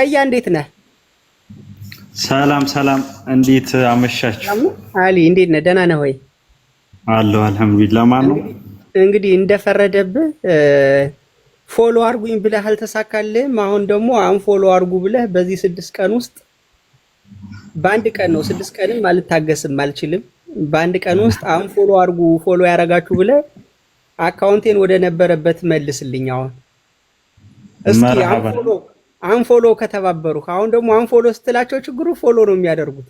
አያ እንዴት ነህ? ሰላም ሰላም፣ እንዴት አመሻችሁ? አሊ እንዴት ነህ? ደህና ነህ ወይ? አለሁ አልሐምዱሊላህ። ማን ነው እንግዲህ እንደፈረደብህ ፎሎ አርጉኝ ብለህ አልተሳካልህም። አሁን ደግሞ አን ፎሎ አርጉ ብለህ በዚህ ስድስት ቀን ውስጥ በአንድ ቀን ነው ስድስት ቀንም አልታገስም አልችልም። በአንድ ቀን ውስጥ አን ፎሎ አርጉ ፎሎ ያረጋችሁ ብለህ አካውንቴን ወደ ነበረበት መልስልኝ። አሁን እስኪ አን ፎሎ አንፎሎ ከተባበሩ። አሁን ደግሞ አንፎሎ ስትላቸው ችግሩ ፎሎ ነው የሚያደርጉት።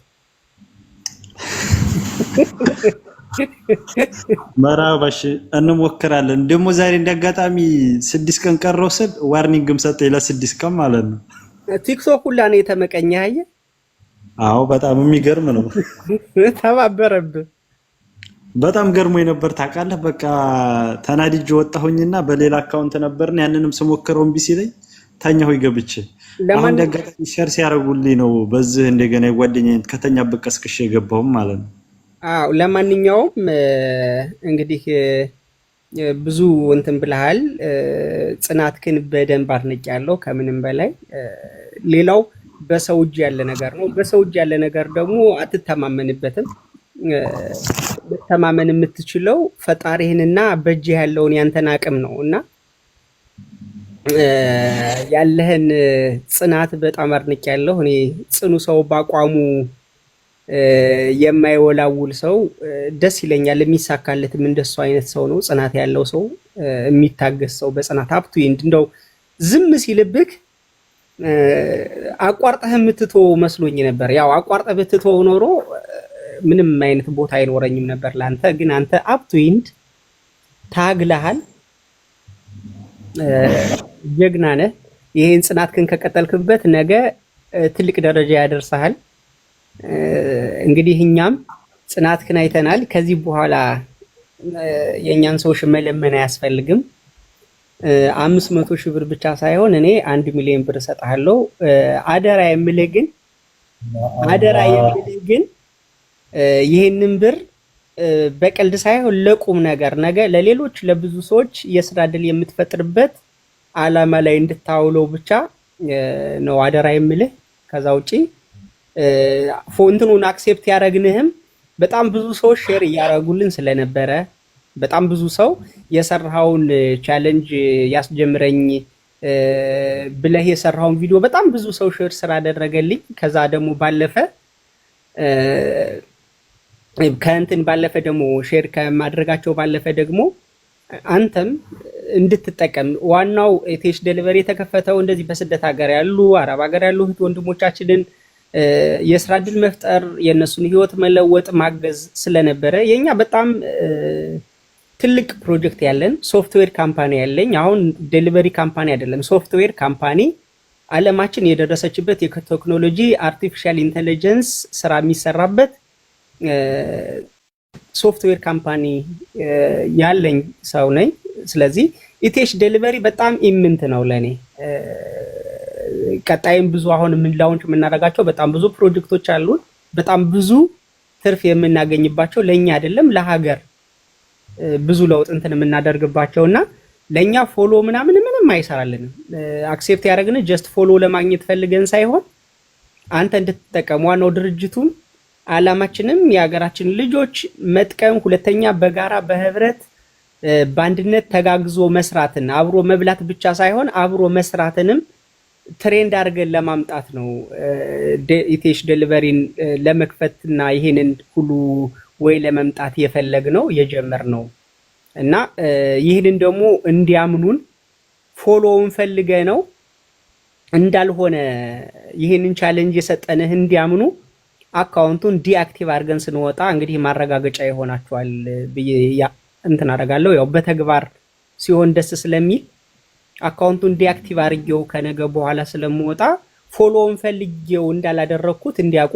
መራባሽ እንሞክራለን። ደግሞ ዛሬ እንዳጋጣሚ ስድስት ቀን ቀረው ስል ዋርኒንግም ሰጠኝ ለስድስት ቀን ማለት ነው። ቲክቶክ ሁላ ነው የተመቀኘ። አየ አዎ፣ በጣም የሚገርም ነው። ተባበረብህ። በጣም ገርሞ ነበር ታውቃለህ። በቃ ተናድጄ ወጣሁኝና በሌላ አካውንት ነበርን ያንንም ስሞክረው እምቢ ሲለኝ ተኛሁ ገብቼ። አሁን ደጋጣሚ ሸር ሲያደርጉልኝ ነው በዚህ እንደገና የጓደኛዬን ከተኛ ቀስቅሼ የገባሁም ማለት ነው። አዎ ለማንኛውም እንግዲህ ብዙ እንትን ብለሃል። ግን በደንብ አድንቅ ያለው ከምንም በላይ ሌላው በሰው እጅ ያለ ነገር ነው። በሰው እጅ ያለ ነገር ደግሞ አትተማመንበትም። ልተማመን የምትችለው ፈጣሪህንና በእጅህ ያለውን ያንተን አቅም ነው እና ያለህን ጽናት በጣም አድንቅ ያለሁ እኔ ጽኑ ሰው በአቋሙ የማይወላውል ሰው ደስ ይለኛል። የሚሳካለትም እንደሱ አይነት ሰው ነው። ጽናት ያለው ሰው የሚታገስ ሰው በጽናት ሀብቱ እንደው ዝም ሲልብክ አቋርጠህ የምትቶ መስሎኝ ነበር። ያው አቋርጠህ ብትቶ ኖሮ ምንም አይነት ቦታ አይኖረኝም ነበር ለአንተ። ግን አንተ አፕቱ ኢንድ ታግለሃል። ጀግና ነህ። ይህን ጽናትህን ከቀጠልክበት ነገ ትልቅ ደረጃ ያደርሰሃል። እንግዲህ እኛም ጽናትክን አይተናል። ከዚህ በኋላ የእኛን ሰዎች መለመን አያስፈልግም። አምስት መቶ ሺህ ብር ብቻ ሳይሆን እኔ አንድ ሚሊዮን ብር እሰጥሃለሁ። አደራ የምልህ ግን አደራ የምልህ ግን ይህንን ብር በቀልድ ሳይሆን ለቁም ነገር ነገ ለሌሎች ለብዙ ሰዎች የስራ እድል የምትፈጥርበት አላማ ላይ እንድታውለው ብቻ ነው አደራ የምልህ። ከዛ ውጪ ፎንትኑን አክሴፕት ያደረግንህም በጣም ብዙ ሰው ሼር እያደረጉልን ስለነበረ በጣም ብዙ ሰው የሰራውን ቻለንጅ ያስጀምረኝ ብለህ የሰራውን ቪዲዮ በጣም ብዙ ሰው ሼር ስላደረገልኝ ከዛ ደግሞ ባለፈ ከእንትን ባለፈ ደግሞ ሼር ከማድረጋቸው ባለፈ ደግሞ አንተም እንድትጠቀም ዋናው ኢቴሽ ደሊቨሪ የተከፈተው እንደዚህ በስደት ሀገር ያሉ አረብ ሀገር ያሉ እህት ወንድሞቻችንን የስራ እድል መፍጠር የእነሱን ህይወት መለወጥ ማገዝ ስለነበረ የኛ በጣም ትልቅ ፕሮጀክት ያለን ሶፍትዌር ካምፓኒ ያለኝ አሁን ደሊቨሪ ካምፓኒ አይደለም፣ ሶፍትዌር ካምፓኒ አለማችን የደረሰችበት የቴክኖሎጂ አርቲፊሻል ኢንቴሊጀንስ ስራ የሚሰራበት ሶፍትዌር ካምፓኒ ያለኝ ሰው ነኝ። ስለዚህ ኢቴሽ ዴሊቨሪ በጣም ኢምንት ነው ለእኔ። ቀጣይም ብዙ አሁን ምን ላውንች የምናደርጋቸው በጣም ብዙ ፕሮጀክቶች አሉን። በጣም ብዙ ትርፍ የምናገኝባቸው ለእኛ አይደለም ለሀገር ብዙ ለውጥ እንትን የምናደርግባቸው እና ለእኛ ፎሎ ምናምን ምንም አይሰራልንም። አክሴፕት ያደረግን ጀስት ፎሎ ለማግኘት ፈልገን ሳይሆን አንተ እንድትጠቀም ዋናው ድርጅቱን አላማችንም የሀገራችን ልጆች መጥቀም፣ ሁለተኛ በጋራ በህብረት በአንድነት ተጋግዞ መስራትን አብሮ መብላት ብቻ ሳይሆን አብሮ መስራትንም ትሬንድ አድርገን ለማምጣት ነው። ኢቴሽ ደሊቨሪን ለመክፈትና ይሄንን ሁሉ ወይ ለመምጣት የፈለግ ነው የጀመር ነው እና ይህንን ደግሞ እንዲያምኑን ፎሎውን ፈልገ ነው እንዳልሆነ ይህንን ቻለንጅ የሰጠንህ እንዲያምኑ አካውንቱን ዲአክቲቭ አድርገን ስንወጣ እንግዲህ ማረጋገጫ ይሆናችኋል ብዬ እንትን አደርጋለሁ። ያው በተግባር ሲሆን ደስ ስለሚል አካውንቱን ዲአክቲቭ አድርጌው ከነገ በኋላ ስለምወጣ ፎሎውን ፈልጌው እንዳላደረግኩት እንዲያውቁ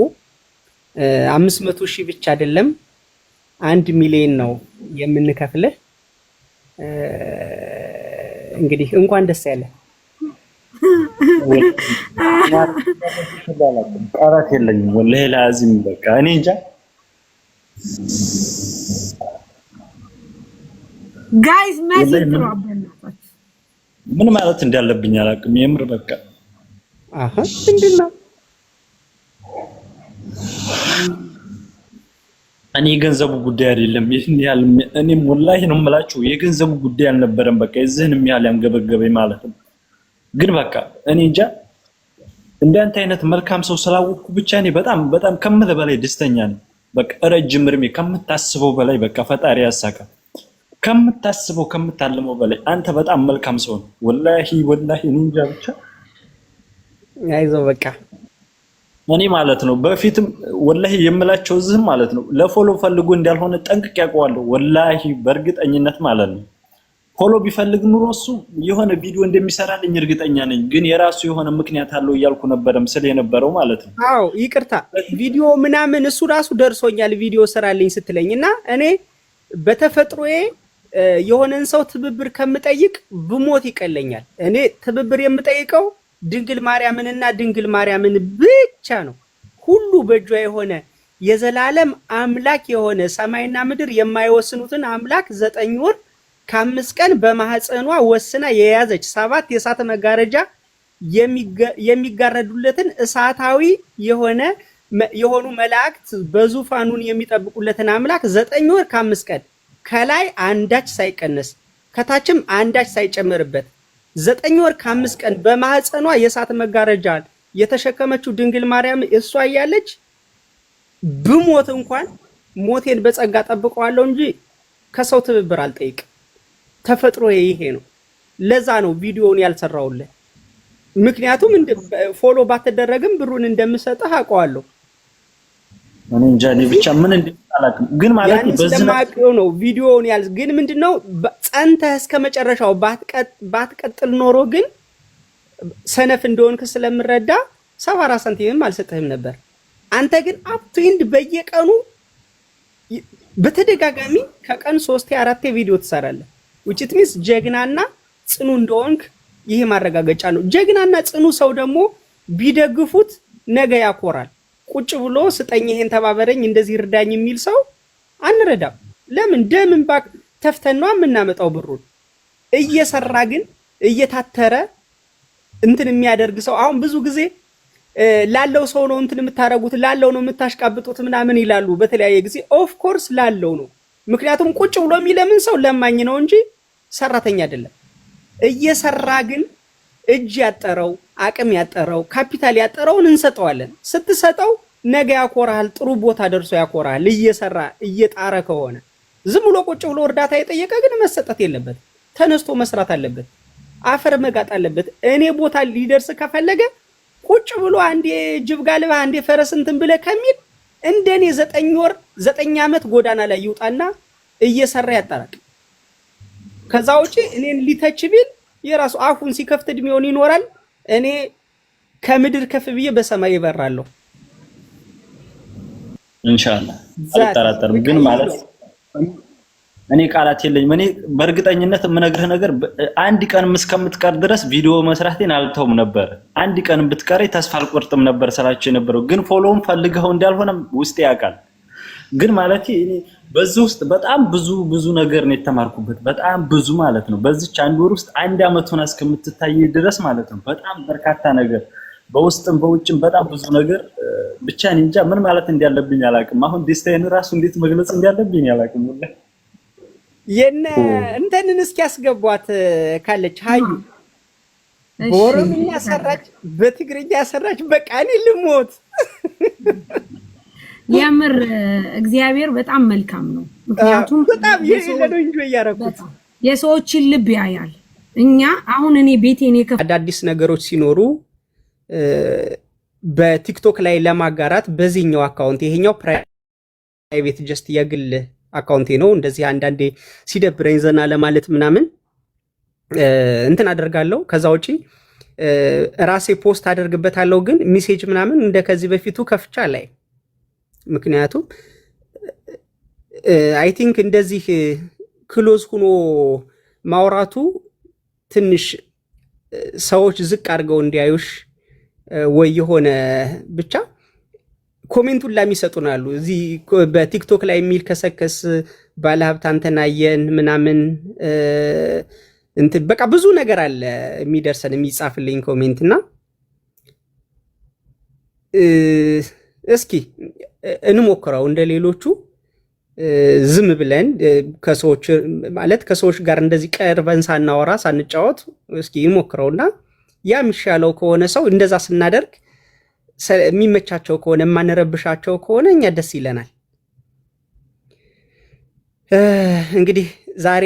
አምስት መቶ ሺህ ብቻ አይደለም አንድ ሚሊዮን ነው የምንከፍልህ። እንግዲህ እንኳን ደስ ያለህ። ቀረት የለኝም። ወላሂ ላዚም በቃ እኔ እንጃ። ምን ማለት እንዳለብኝ አላውቅም። የምር በቃ አሃ ምንድን እኔ የገንዘቡ ጉዳይ አይደለም። ይህን ያህል እኔም ወላሂ ነው የምላችሁ የገንዘቡ ጉዳይ አልነበረም። በቃ የዚህንም ያህል ያንገበገበኝ ማለት ነው። ግን በቃ እኔ እንጃ እንዳንተ አይነት መልካም ሰው ስላወቅኩ ብቻ እኔ በጣም በጣም ከምልህ በላይ ደስተኛ ነኝ። በቃ ረጅም እድሜ ከምታስበው በላይ በቃ ፈጣሪ ያሳካ ከምታስበው ከምታልመው በላይ አንተ በጣም መልካም ሰው ነው። ወላሂ ወላሂ እኔ እንጃ ብቻ አይዞህ በቃ እኔ ማለት ነው በፊትም ወላሂ የምላቸው እዚህም ማለት ነው ለፎሎ ፈልጎ እንዳልሆነ ጠንቅቅ ያውቀዋለሁ። ወላሂ በእርግጠኝነት ማለት ነው ፎሎ ቢፈልግ ኑሮ እሱ የሆነ ቪዲዮ እንደሚሰራልኝ እርግጠኛ ነኝ። ግን የራሱ የሆነ ምክንያት አለው እያልኩ ነበረም ስል የነበረው ማለት ነው። አዎ ይቅርታ፣ ቪዲዮ ምናምን እሱ ራሱ ደርሶኛል። ቪዲዮ ስራልኝ ስትለኝ እና እኔ በተፈጥሮዬ የሆነን ሰው ትብብር ከምጠይቅ ብሞት ይቀለኛል። እኔ ትብብር የምጠይቀው ድንግል ማርያምንና ድንግል ማርያምን ብቻ ነው። ሁሉ በእጇ የሆነ የዘላለም አምላክ የሆነ ሰማይና ምድር የማይወስኑትን አምላክ ዘጠኝ ወር ከአምስት ቀን በማህፀኗ ወስና የያዘች ሰባት የእሳት መጋረጃ የሚጋረዱለትን እሳታዊ የሆነ የሆኑ መላእክት በዙፋኑን የሚጠብቁለትን አምላክ ዘጠኝ ወር ከአምስት ቀን ከላይ አንዳች ሳይቀነስ ከታችም አንዳች ሳይጨምርበት ዘጠኝ ወር ከአምስት ቀን በማህፀኗ የእሳት መጋረጃ የተሸከመችው ድንግል ማርያም እሷ እያለች ብሞት እንኳን ሞቴን በጸጋ ጠብቀዋለሁ እንጂ ከሰው ትብብር አልጠይቅም። ተፈጥሮ ይሄ ነው። ለዛ ነው ቪዲዮውን ያልሰራውልህ። ምክንያቱም ፎሎ ባትደረግም ብሩን እንደምሰጥህ አውቀዋለሁ። እኔ እንጃ እኔ ብቻ ምን እንደምታላቅም ግን ማለት ነው። በዚህ ነው ቪዲዮውን ያል ግን ምንድነው ጸንተህ እስከ መጨረሻው ባትቀጥል ኖሮ ግን ሰነፍ እንደሆንክ ስለምረዳ ሰባ አራት ሳንቲምም አልሰጥህም ነበር። አንተ ግን አፕትንድ በየቀኑ በተደጋጋሚ ከቀን ሶስቴ አራቴ ቪዲዮ ትሰራለህ። ውጭት ሚስ ጀግናና ጽኑ እንደሆንክ ይሄ ማረጋገጫ ነው። ጀግናና ጽኑ ሰው ደግሞ ቢደግፉት ነገ ያኮራል። ቁጭ ብሎ ስጠኝ፣ ይሄን ተባበረኝ፣ እንደዚህ እርዳኝ የሚል ሰው አንረዳም። ለምን ደምን ባክ ተፍተን የምናመጣው ብሩን። እየሰራ ግን እየታተረ እንትን የሚያደርግ ሰው አሁን ብዙ ጊዜ ላለው ሰው ነው እንትን የምታደርጉት ላለው ነው የምታሽቃብጡት ምናምን ይላሉ በተለያየ ጊዜ። ኦፍ ኮርስ ላለው ነው ምክንያቱም ቁጭ ብሎ የሚለምን ሰው ለማኝ ነው እንጂ ሰራተኛ አይደለም። እየሰራ ግን እጅ ያጠረው አቅም ያጠረው ካፒታል ያጠረውን እንሰጠዋለን። ስትሰጠው ነገ ያኮራሃል፣ ጥሩ ቦታ ደርሶ ያኮራሃል። እየሰራ እየጣረ ከሆነ ዝም ብሎ ቁጭ ብሎ እርዳታ የጠየቀ ግን መሰጠት የለበት ተነስቶ መስራት አለበት። አፈር መጋጥ አለበት። እኔ ቦታ ሊደርስ ከፈለገ ቁጭ ብሎ አንዴ ጅብ ጋልባ አንዴ ፈረስ እንትን ብለህ ከሚል እንደኔ ዘጠኝ ወር ዘጠኝ ዓመት ጎዳና ላይ ይውጣና እየሰራ ያጠራቅ። ከዛ ውጪ እኔን ሊተች ቢል የራሱ አፉን ሲከፍት እድሜውን ይኖራል። እኔ ከምድር ከፍ ብዬ በሰማይ ይበራለሁ። ኢንሻአላህ አልጠራጠርም ግን ማለት እኔ ቃላት የለኝም። እኔ በእርግጠኝነት የምነግርህ ነገር አንድ ቀንም እስከምትቀር ድረስ ቪዲዮ መስራቴን አልተውም ነበር። አንድ ቀንም ብትቀር ተስፋ አልቆርጥም ነበር ስላቸው የነበረው ግን ፎሎውም ፈልገው እንዳልሆነም ውስጤ ያውቃል። ግን ማለት በዚህ ውስጥ በጣም ብዙ ብዙ ነገር ነው የተማርኩበት። በጣም ብዙ ማለት ነው። በዚች አንድ ወር ውስጥ አንድ አመት ሆና እስከምትታይ ድረስ ማለት ነው። በጣም በርካታ ነገር በውስጥም በውጭም በጣም ብዙ ነገር ብቻ እኔ እንጃ ምን ማለት እንዳለብኝ አላውቅም። አሁን ደስታዬን ራሱ እንዴት መግለጽ እንዳለብኝ አላውቅም። የነ እንትንን እስኪ ያስገቧት ካለች ሀዩ በኦሮምኛ ሰራች፣ በትግርኛ ሰራች። በቃ እኔ ልሞት። የምር እግዚአብሔር በጣም መልካም ነው። ምክንያቱም በጣም የሌለው እንጆ እያረኩት የሰዎችን ልብ ያያል። እኛ አሁን እኔ ቤቴን የከፍ አዳዲስ ነገሮች ሲኖሩ በቲክቶክ ላይ ለማጋራት በዚህኛው አካውንት ይሄኛው ፕራይቬት ጀስት የግል አካውንቴ ነው። እንደዚህ አንዳንዴ ሲደብረኝ ዘና ለማለት ምናምን እንትን አደርጋለሁ። ከዛ ውጪ ራሴ ፖስት አደርግበታለሁ። ግን ሚሴጅ ምናምን እንደ ከዚህ በፊቱ ከፍቻ ላይ ምክንያቱም አይ ቲንክ እንደዚህ ክሎዝ ሁኖ ማውራቱ ትንሽ ሰዎች ዝቅ አድርገው እንዲያዩሽ ወይ የሆነ ብቻ ኮሜንቱን ነው ያሉ እዚህ በቲክቶክ ላይ የሚል ከሰከስ ባለሀብት አንተናየን ምናምን እንትን በቃ ብዙ ነገር አለ የሚደርሰን የሚጻፍልኝ ኮሜንት እና እስኪ እንሞክረው እንደ ሌሎቹ ዝም ብለን ከሰዎች ማለት ከሰዎች ጋር እንደዚህ ቀርበን ሳናወራ ሳንጫወት እስኪ እንሞክረውና ያ የሚሻለው ከሆነ ሰው እንደዛ ስናደርግ የሚመቻቸው ከሆነ የማንረብሻቸው ከሆነ እኛ ደስ ይለናል። እንግዲህ ዛሬ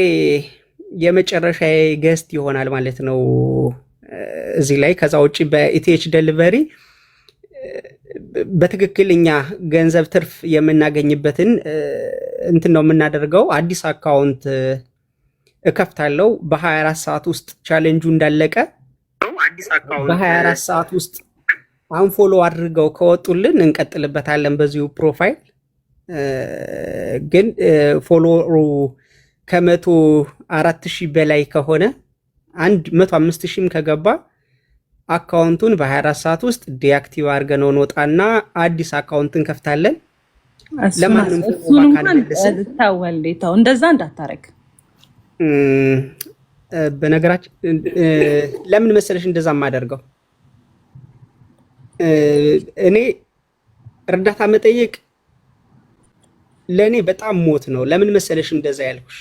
የመጨረሻ ገስት ይሆናል ማለት ነው እዚህ ላይ። ከዛ ውጭ በኢቲኤች ደሊቨሪ በትክክል እኛ ገንዘብ ትርፍ የምናገኝበትን እንትን ነው የምናደርገው። አዲስ አካውንት እከፍታለሁ በ24 ሰዓት ውስጥ ቻሌንጁ እንዳለቀ በ24 ሰዓት ውስጥ አንፎሎ አድርገው ከወጡልን እንቀጥልበታለን በዚሁ ፕሮፋይል። ግን ፎሎሩ ከመቶ አራት ሺህ በላይ ከሆነ አንድ መቶ አምስት ሺህም ከገባ አካውንቱን በ24 ሰዓት ውስጥ ዲአክቲቭ አድርገን እንወጣና አዲስ አካውንት እንከፍታለን። ለማንም እንደዛ እንዳታረግ በነገራችን ለምን መሰለሽ እንደዛ የማደርገው እኔ እርዳታ መጠየቅ ለእኔ በጣም ሞት ነው። ለምን መሰለሽ እንደዛ ያልኩሽ?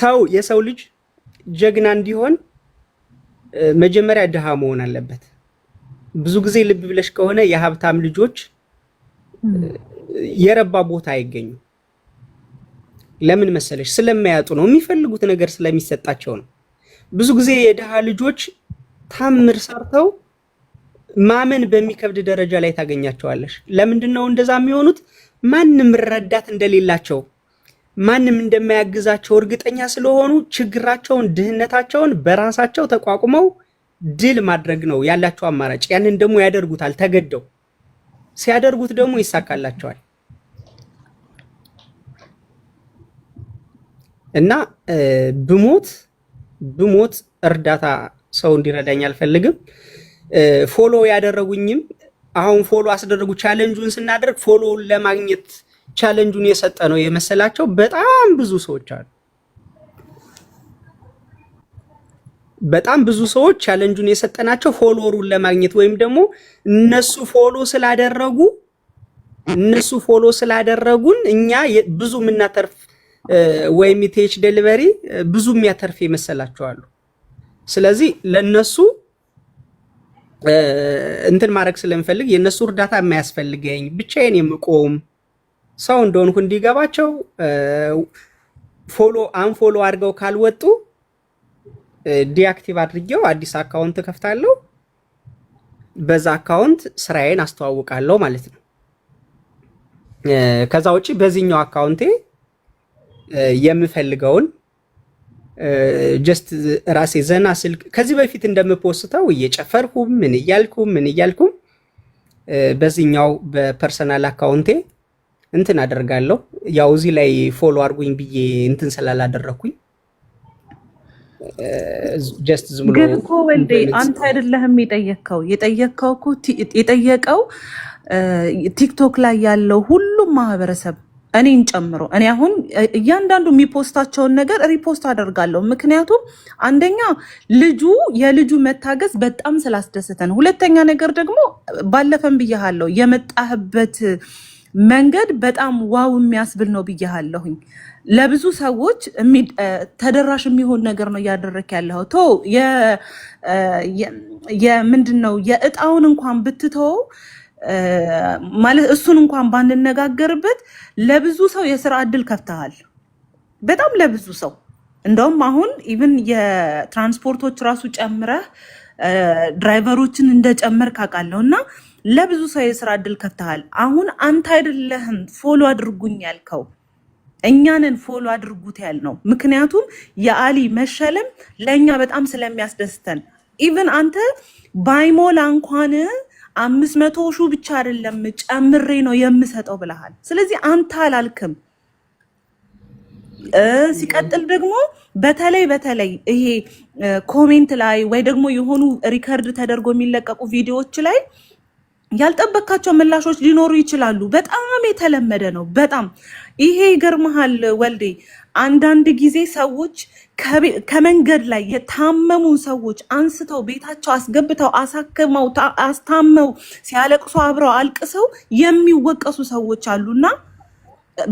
ሰው የሰው ልጅ ጀግና እንዲሆን መጀመሪያ ድሃ መሆን አለበት። ብዙ ጊዜ ልብ ብለሽ ከሆነ የሀብታም ልጆች የረባ ቦታ አይገኙ። ለምን መሰለሽ? ስለማያጡ ነው። የሚፈልጉት ነገር ስለሚሰጣቸው ነው። ብዙ ጊዜ የድሃ ልጆች ታምር ሰርተው ማመን በሚከብድ ደረጃ ላይ ታገኛቸዋለሽ። ለምንድን ነው እንደዛ የሚሆኑት? ማንም ረዳት እንደሌላቸው ማንም እንደማያግዛቸው እርግጠኛ ስለሆኑ ችግራቸውን፣ ድህነታቸውን በራሳቸው ተቋቁመው ድል ማድረግ ነው ያላቸው አማራጭ። ያንን ደግሞ ያደርጉታል ተገደው። ሲያደርጉት ደግሞ ይሳካላቸዋል። እና ብሞት ብሞት እርዳታ ሰው እንዲረዳኝ አልፈልግም። ፎሎ ያደረጉኝም አሁን ፎሎ አስደረጉ። ቻለንጁን ስናደርግ ፎሎውን ለማግኘት ቻለንጁን የሰጠ ነው የመሰላቸው በጣም ብዙ ሰዎች አሉ። በጣም ብዙ ሰዎች ቻለንጁን የሰጠናቸው ፎሎወሩን ለማግኘት ወይም ደግሞ እነሱ ፎሎ ስላደረጉ እነሱ ፎሎ ስላደረጉን እኛ ብዙ የምናተርፍ ወይም ቴች ደሊቨሪ ብዙ የሚያተርፍ ይመስላቸዋሉ። ስለዚህ ለነሱ እንትን ማድረግ ስለምፈልግ የእነሱ እርዳታ የማያስፈልገኝ ብቻዬን የምቆም ሰው እንደሆንኩ እንዲገባቸው ፎሎ አንፎሎ አድርገው ካልወጡ ዲአክቲቭ አድርጌው አዲስ አካውንት ከፍታለሁ። በዛ አካውንት ስራዬን አስተዋውቃለሁ ማለት ነው። ከዛ ውጭ በዚህኛው አካውንቴ የምፈልገውን ጀስት ራሴ ዘና ስልክ ከዚህ በፊት እንደምፖስተው እየጨፈርኩ ምን እያልኩ ምን እያልኩም በዚህኛው በፐርሰናል አካውንቴ እንትን አደርጋለሁ። ያው እዚህ ላይ ፎሎ አድርጉኝ ብዬ እንትን ስላላደረግኩኝ ጀስት ዝም ብሎ ግን እኮ ወልዴ አንተ አይደለህም የጠየቅከው። የጠየቅከው የጠየቀው ቲክቶክ ላይ ያለው ሁሉም ማህበረሰብ እኔን ጨምሮ እኔ አሁን እያንዳንዱ የሚፖስታቸውን ነገር ሪፖስት አደርጋለሁ። ምክንያቱም አንደኛ ልጁ የልጁ መታገዝ በጣም ስላስደሰተን፣ ሁለተኛ ነገር ደግሞ ባለፈን ብያሃለሁ የመጣህበት መንገድ በጣም ዋው የሚያስብል ነው ብያሃለሁኝ። ለብዙ ሰዎች ተደራሽ የሚሆን ነገር ነው እያደረክ ያለው ቶ የምንድን ነው የእጣውን እንኳን ብትተወው ማለት እሱን እንኳን ባንነጋገርበት ለብዙ ሰው የስራ እድል ከፍተሃል። በጣም ለብዙ ሰው እንደውም አሁን ኢቭን የትራንስፖርቶች ራሱ ጨምረህ ድራይቨሮችን እንደጨመርክ አውቃለሁ እና ለብዙ ሰው የስራ እድል ከፍተሃል። አሁን አንተ አይደለህም ፎሎ አድርጉኝ ያልከው እኛንን ፎሎ አድርጉት ነው። ምክንያቱም የአሊ መሸለም ለእኛ በጣም ስለሚያስደስተን ኢቭን አንተ ባይሞላ እንኳን አምስት መቶ ሹ ብቻ አይደለም ጨምሬ ነው የምሰጠው ብለሃል። ስለዚህ አንተ አላልክም። ሲቀጥል ደግሞ በተለይ በተለይ ይሄ ኮሜንት ላይ ወይ ደግሞ የሆኑ ሪከርድ ተደርጎ የሚለቀቁ ቪዲዮዎች ላይ ያልጠበካቸው ምላሾች ሊኖሩ ይችላሉ። በጣም የተለመደ ነው። በጣም ይሄ ይገርመሃል ወልዴ። አንዳንድ ጊዜ ሰዎች ከመንገድ ላይ የታመሙ ሰዎች አንስተው ቤታቸው አስገብተው አሳክመው አስታመው ሲያለቅሱ አብረው አልቅሰው የሚወቀሱ ሰዎች አሉና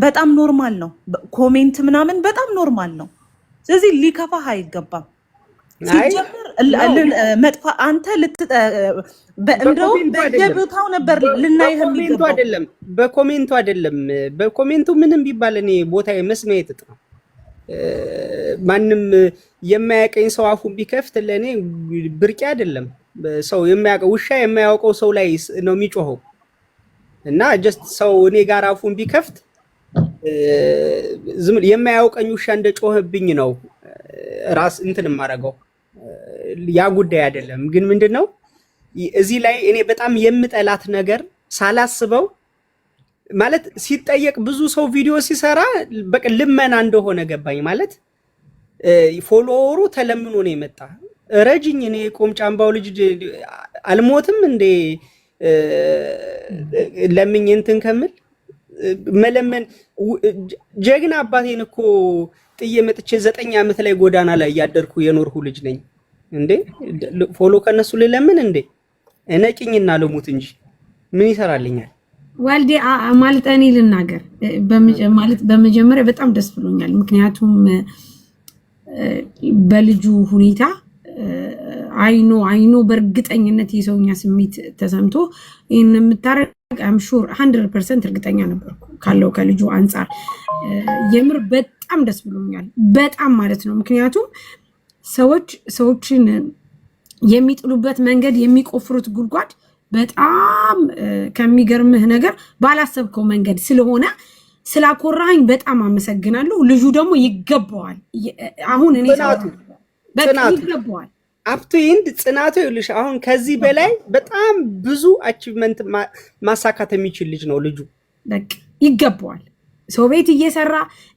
በጣም ኖርማል ነው። ኮሜንት ምናምን በጣም ኖርማል ነው። ስለዚህ ሊከፋህ አይገባም ሲጀምር መጥፋ አንተ እንደውም በየቦታው ነበር ልናይህ የሚገባው አይደለም። በኮሜንቱ አይደለም። በኮሜንቱ ምንም ቢባል እኔ ቦታ መስሚያ የጥጥ ነው። ማንም የማያቀኝ ሰው አፉን ቢከፍት ለእኔ ብርቄ አይደለም። ሰው የማያውቀው ውሻ የማያውቀው ሰው ላይ ነው የሚጮኸው እና ጀስት ሰው እኔ ጋር አፉን ቢከፍት የማያውቀኝ ውሻ እንደጮኸብኝ ነው ራስ እንትን የማደርገው። ያ ጉዳይ አይደለም። ግን ምንድን ነው እዚህ ላይ እኔ በጣም የምጠላት ነገር ሳላስበው ማለት ሲጠየቅ ብዙ ሰው ቪዲዮ ሲሰራ በቃ ልመና እንደሆነ ገባኝ። ማለት ፎሎወሩ ተለምኖ ነው የመጣ ረጅኝ እኔ ቆምጫምባው ልጅ አልሞትም እንዴ ለምኝ እንትን ከምል መለመን ጀግና አባቴን እኮ ጥዬ መጥቼ ዘጠኝ ዓመት ላይ ጎዳና ላይ እያደርኩ የኖርሁ ልጅ ነኝ። እንዴ ፎሎ ከነሱ ልለምን እንዴ? እነቂኝና ልሙት እንጂ ምን ይሰራልኛል? ወልዴ ማለት እኔ ልናገር ማለት በመጀመሪያ በጣም ደስ ብሎኛል። ምክንያቱም በልጁ ሁኔታ አይኖ አይኖ በእርግጠኝነት የሰውኛ ስሜት ተሰምቶ ይህን የምታረቅ ምሹር ሀንድረድ ፐርሰንት እርግጠኛ ነበርኩ ካለው ከልጁ አንጻር የምር በጣም ደስ ብሎኛል። በጣም ማለት ነው ምክንያቱም ሰዎች ሰዎችን የሚጥሉበት መንገድ የሚቆፍሩት ጉድጓድ በጣም ከሚገርምህ ነገር ባላሰብከው መንገድ ስለሆነ ስላኮራኝ በጣም አመሰግናለሁ። ልጁ ደግሞ ይገባዋል። አሁን እኔ ይገባዋል አፕቱ ይንድ ጽናቱ ይልሽ አሁን ከዚህ በላይ በጣም ብዙ አቺቭመንት ማሳካት የሚችል ልጅ ነው ልጁ ይገባዋል። ሰው ቤት እየሰራ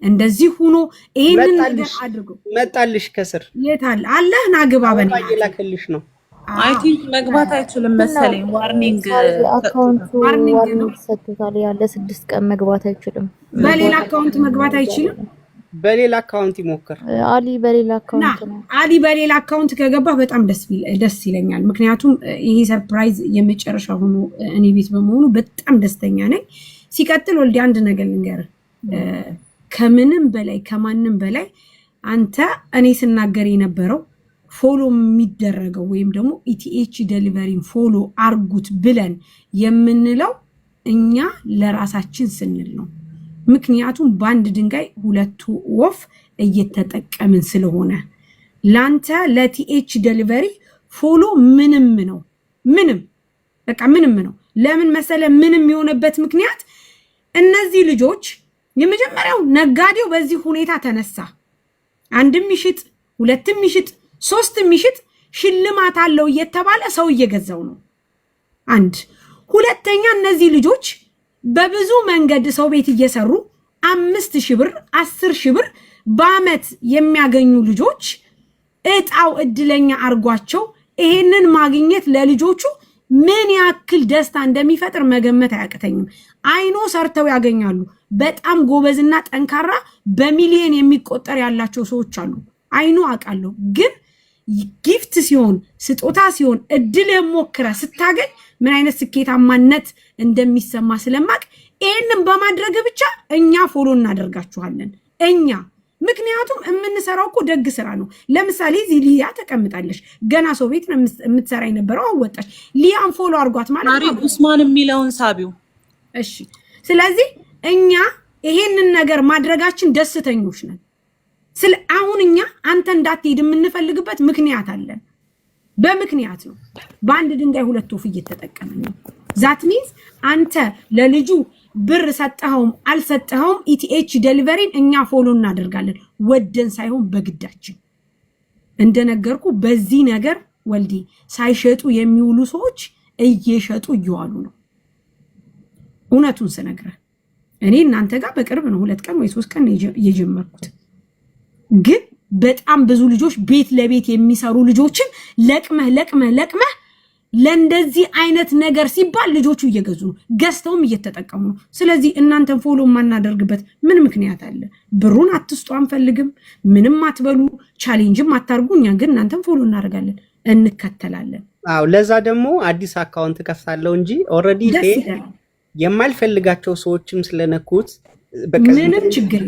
እንደዚህ ሁኖ ይህንን ነገር አድርጎ መጣልሽ። ከስር የታል አለህ ና ግባ በላክልሽ ነው። አይ መግባት አይችልም መሰለኝ። ዋርኒንግ ዋርኒንግ ያለ ስድስት ቀን መግባት አይችልም። በሌላ አካውንት መግባት አይችልም። በሌላ አካውንት ይሞክር። አሊ በሌላ አካውንት ነው። አሊ በሌላ አካውንት ከገባ በጣም ደስ ይለኛል። ምክንያቱም ይሄ ሰርፕራይዝ የመጨረሻ ሆኖ እኔ ቤት በመሆኑ በጣም ደስተኛ ነኝ። ሲቀጥል ወልዲ አንድ ነገር ልንገርህ ከምንም በላይ ከማንም በላይ አንተ እኔ ስናገር የነበረው ፎሎ የሚደረገው ወይም ደግሞ ኢቲኤች ደሊቨሪን ፎሎ አርጉት ብለን የምንለው እኛ ለራሳችን ስንል ነው። ምክንያቱም በአንድ ድንጋይ ሁለቱ ወፍ እየተጠቀምን ስለሆነ ላንተ ለቲኤች ደሊቨሪ ፎሎ ምንም ነው። ምንም በቃ ምንም ነው። ለምን መሰለ ምንም የሆነበት ምክንያት እነዚህ ልጆች የመጀመሪያው ነጋዴው በዚህ ሁኔታ ተነሳ። አንድም ይሽጥ፣ ሁለትም ይሽጥ፣ ሶስትም ይሽጥ ሽልማት አለው እየተባለ ሰው እየገዛው ነው። አንድ ሁለተኛ፣ እነዚህ ልጆች በብዙ መንገድ ሰው ቤት እየሰሩ አምስት ሺህ ብር አስር ሺህ ብር በአመት የሚያገኙ ልጆች እጣው እድለኛ አድርጓቸው ይሄንን ማግኘት ለልጆቹ ምን ያክል ደስታ እንደሚፈጥር መገመት አያቅተኝም። አይኖ ሰርተው ያገኛሉ። በጣም ጎበዝና ጠንካራ በሚሊየን የሚቆጠር ያላቸው ሰዎች አሉ። አይኖ አውቃለሁ። ግን ጊፍት ሲሆን ስጦታ ሲሆን እድል ሞክረ ስታገኝ ምን አይነት ስኬታማነት እንደሚሰማ ስለማቅ ይህንም በማድረግ ብቻ እኛ ፎሎ እናደርጋችኋለን። እኛ ምክንያቱም የምንሰራው እኮ ደግ ስራ ነው። ለምሳሌ እዚህ ሊያ ተቀምጣለች። ገና ሰው ቤት የምትሰራ የነበረው አወጣች። ሊያን ፎሎ አድርጓት ማለት ኡስማን የሚለውን ሳቢው እሺ። ስለዚህ እኛ ይሄንን ነገር ማድረጋችን ደስተኞች ነን። ስለ አሁን እኛ አንተ እንዳትሄድ የምንፈልግበት ምክንያት አለን። በምክንያት ነው። በአንድ ድንጋይ ሁለት ወፍ እየተጠቀመ ነው። ዛት ሚንስ አንተ ለልጁ ብር ሰጠኸውም አልሰጠኸውም ኢቲኤች ደሊቨሪን እኛ ፎሎ እናደርጋለን፣ ወደን ሳይሆን በግዳችን። እንደነገርኩ በዚህ ነገር ወልዲ ሳይሸጡ የሚውሉ ሰዎች እየሸጡ እየዋሉ ነው። እውነቱን ስነግረህ እኔ እናንተ ጋር በቅርብ ነው ሁለት ቀን ወይ ሶስት ቀን የጀመርኩት ግን በጣም ብዙ ልጆች ቤት ለቤት የሚሰሩ ልጆችን ለቅመህ ለቅመህ ለቅመህ ለእንደዚህ አይነት ነገር ሲባል ልጆቹ እየገዙ ነው፣ ገዝተውም እየተጠቀሙ ነው። ስለዚህ እናንተን ፎሎ የማናደርግበት ምን ምክንያት አለ? ብሩን አትስጡ፣ አንፈልግም። ምንም አትበሉ፣ ቻሌንጅም አታርጉ። እኛ ግን እናንተን ፎሎ እናደርጋለን፣ እንከተላለን። አዎ፣ ለዛ ደግሞ አዲስ አካውንት ከፍታለሁ እንጂ ኦልሬዲ የማልፈልጋቸው ሰዎችም ስለነኩት ምንም ችግር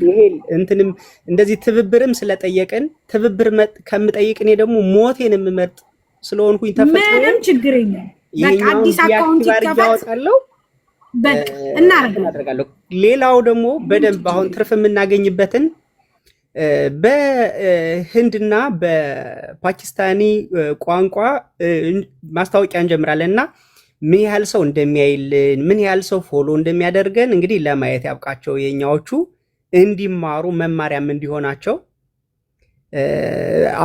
እንትንም እንደዚህ ትብብርም ስለጠየቅን ትብብር ከምጠይቅ እኔ ደግሞ ሞቴን የምመርጥ ስለሆንኩኝ ተፈምንም ችግር አዲስ አካውንት ይከፋታለው እናደርጋለሁ። ሌላው ደግሞ በደንብ አሁን ትርፍ የምናገኝበትን በህንድና በፓኪስታኒ ቋንቋ ማስታወቂያ እንጀምራለን እና ምን ያህል ሰው እንደሚያይልን ምን ያህል ሰው ፎሎ እንደሚያደርገን እንግዲህ ለማየት ያብቃቸው። የኛዎቹ እንዲማሩ መማሪያም እንዲሆናቸው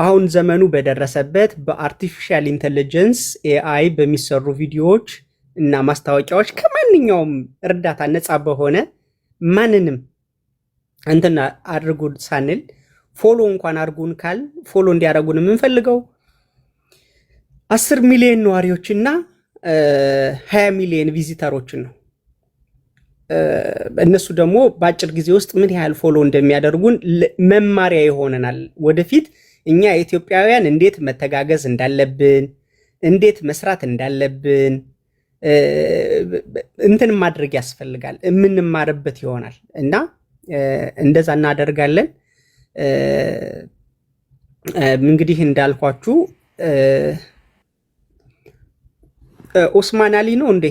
አሁን ዘመኑ በደረሰበት በአርቲፊሻል ኢንተለጀንስ ኤአይ በሚሰሩ ቪዲዮዎች እና ማስታወቂያዎች ከማንኛውም እርዳታ ነፃ በሆነ ማንንም እንትና አድርጉ ሳንል ፎሎ እንኳን አድርጉን ካል ፎሎ እንዲያደርጉን የምንፈልገው አስር ሚሊዮን ነዋሪዎችና ሀያ ሚሊዮን ቪዚተሮችን ነው። እነሱ ደግሞ በአጭር ጊዜ ውስጥ ምን ያህል ፎሎ እንደሚያደርጉን መማሪያ ይሆነናል። ወደፊት እኛ ኢትዮጵያውያን እንዴት መተጋገዝ እንዳለብን፣ እንዴት መስራት እንዳለብን እንትን ማድረግ ያስፈልጋል። የምንማርበት ይሆናል እና እንደዛ እናደርጋለን። እንግዲህ እንዳልኳችሁ ኦስማን አሊ ነው እንዴ?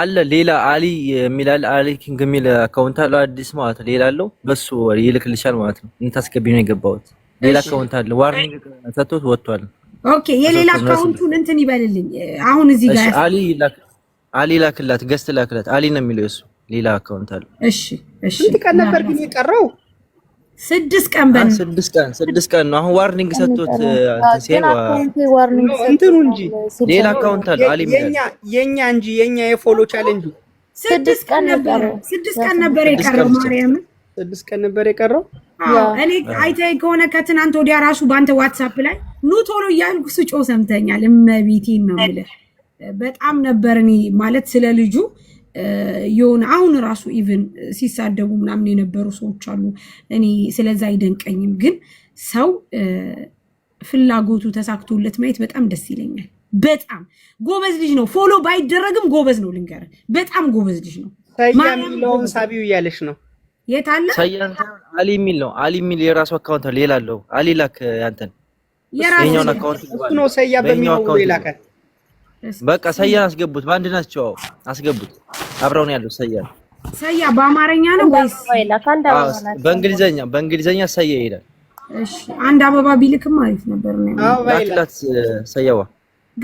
አለ ሌላ አሊ የሚላል አሊ ኪንግ የሚል አካውንት አለው አዲስ ማለት ነው። ሌላ አለው በሱ ይልክልሻል ማለት ነው። እንታስገቢ ነው የገባሁት። ሌላ አካውንት አለ። ዋርኒንግ ሰጥቶት ወጥቷል። ኦኬ የሌላ አካውንቱን እንትን ይበልልኝ። አሁን እዚህ ጋር አሊ ላክ አሊ ላክላት፣ ገስት ላክላት። አሊ ነው የሚለው እሱ። ሌላ አካውንት አለ። እሺ እሺ። ስንት ቀን ነበር ግን የቀረው? ስድስት ቀን በን ስድስት ቀን ስድስት ቀን ነው። አሁን ዋርኒንግ ሰጥቶት እንትኑ እንጂ ሌላ አካውንት አለ አሊ የኛ እንጂ የኛ የፎሎ ስድስት ቀን ነበር ስድስት ቀን ነበር የቀረው ስድስት ቀን ነበር የቀረው። እኔ ከሆነ ከትናንት ወዲያ ራሱ በአንተ ዋትሳፕ ላይ ኑ ቶሎ እያልኩ ሰምተኛል። እመቤቴን ነው የምልህ። በጣም ነበር እኔ ማለት ስለ ልጁ የሆነ አሁን ራሱ ኢቨን ሲሳደቡ ምናምን የነበሩ ሰዎች አሉ። እኔ ስለዛ አይደንቀኝም፣ ግን ሰው ፍላጎቱ ተሳክቶለት ማየት በጣም ደስ ይለኛል። በጣም ጎበዝ ልጅ ነው። ፎሎ ባይደረግም ጎበዝ ነው። ልንገር፣ በጣም ጎበዝ ልጅ ነው። የሚለውን ሳቢው እያለች ነው የታለ አሊ የሚል ነው። አሊ የሚል የራሱ አካውንት ሌላ አለው። አሊ ላክ ያንተን የራሱ ነው። ሰያ በሚለው ሌላ በቃ ሰያን አስገቡት። በአንድ ናቸው አስገቡት። አብረው ነው ያለው። ሰያን ሰያ በአማርኛ ነው ወይስ በእንግሊዘኛ? በእንግሊዘኛ ሰያ ይሄዳል። እሺ አንድ አበባ ቢልክም አሪፍ ነበር ነው። ላክላት ሰያዋ።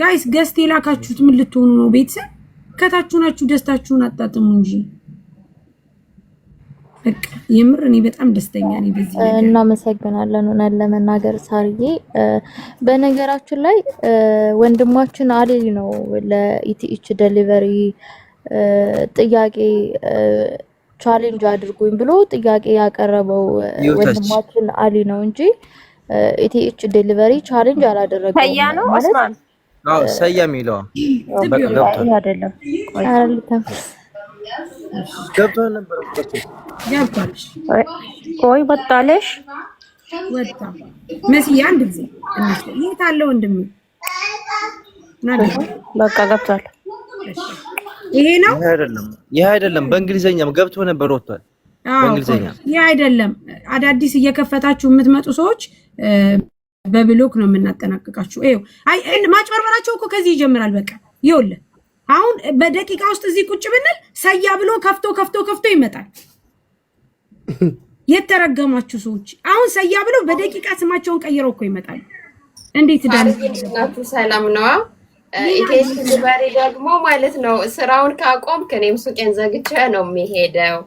ጋይስ ገስት የላካችሁት ምን ልትሆኑ ነው? ቤተሰብ ከታችሁ ናችሁ። ደስታችሁን አጣጥሙ እንጂ የምርኔ የምር እኔ በጣም ደስተኛ ነኝ በዚህ ነገር። እናመሰግናለን እውነት ለመናገር ሳርዬ። በነገራችን ላይ ወንድማችን አሌሊ ነው ለኢቲኤች ደሊቨሪ ጥያቄ ቻሌንጅ አድርጉኝ ብሎ ጥያቄ ያቀረበው ወንድማችን አሊ ነው እንጂ ኢቲኤች ደሊቨሪ ቻሌንጅ አላደረገ። ሰያ ነው አስማን። አዎ ሰያ የሚለው አይደለም ነበር ገባልሽ ቆይ ወጣለሽ ወጣ መስዬ አንድ ጊዜ የት አለ ወንድሜ? በቃ ገብቷል። ይሄ ነው ይሄ አይደለም። በእንግሊዘኛም ገብቶ ነበር ወጥቷል። በእንግሊዘኛ አይደለም። አዳዲስ እየከፈታችሁ የምትመጡ ሰዎች በብሎክ ነው የምናጠናቅቃችሁ። ይኸው ማጭበርበራቸው እኮ ከዚህ ይጀምራል። በቃ ይኸውልህ አሁን በደቂቃ ውስጥ እዚህ ቁጭ ብንል ሰያ ብሎ ከፍቶ ከፍቶ ከፍቶ ይመጣል። የተረገማችሁ ሰዎች አሁን ሰያ ብለው በደቂቃ ስማቸውን ቀይረው እኮ ይመጣል። እንዴት ዳናችሁ? ሰላም ነዋ። ኢቴስ ባሬ ደግሞ ማለት ነው ስራውን ካቆም ከኔም ሱቄን ዘግቼ ነው የሚሄደው።